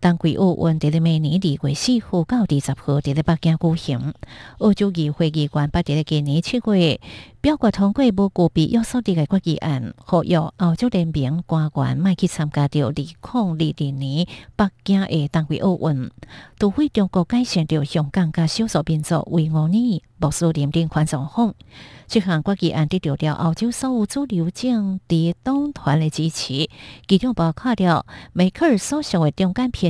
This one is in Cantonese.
冬季奧運咧明年二月四號到二十號佇咧北京舉行。歐洲議會議員不只咧今年七月，表決通過無具備約束力嘅國際案，獲由澳洲人民官員莫去參加到二零二二年北京嘅冬季奧運。除非中國改善條香港甲少數民族維吾爾。無數人點款狀況。這項國際案得到了澳洲所有主流政治黨團嘅支持，其中包括了梅克爾所屬嘅中間偏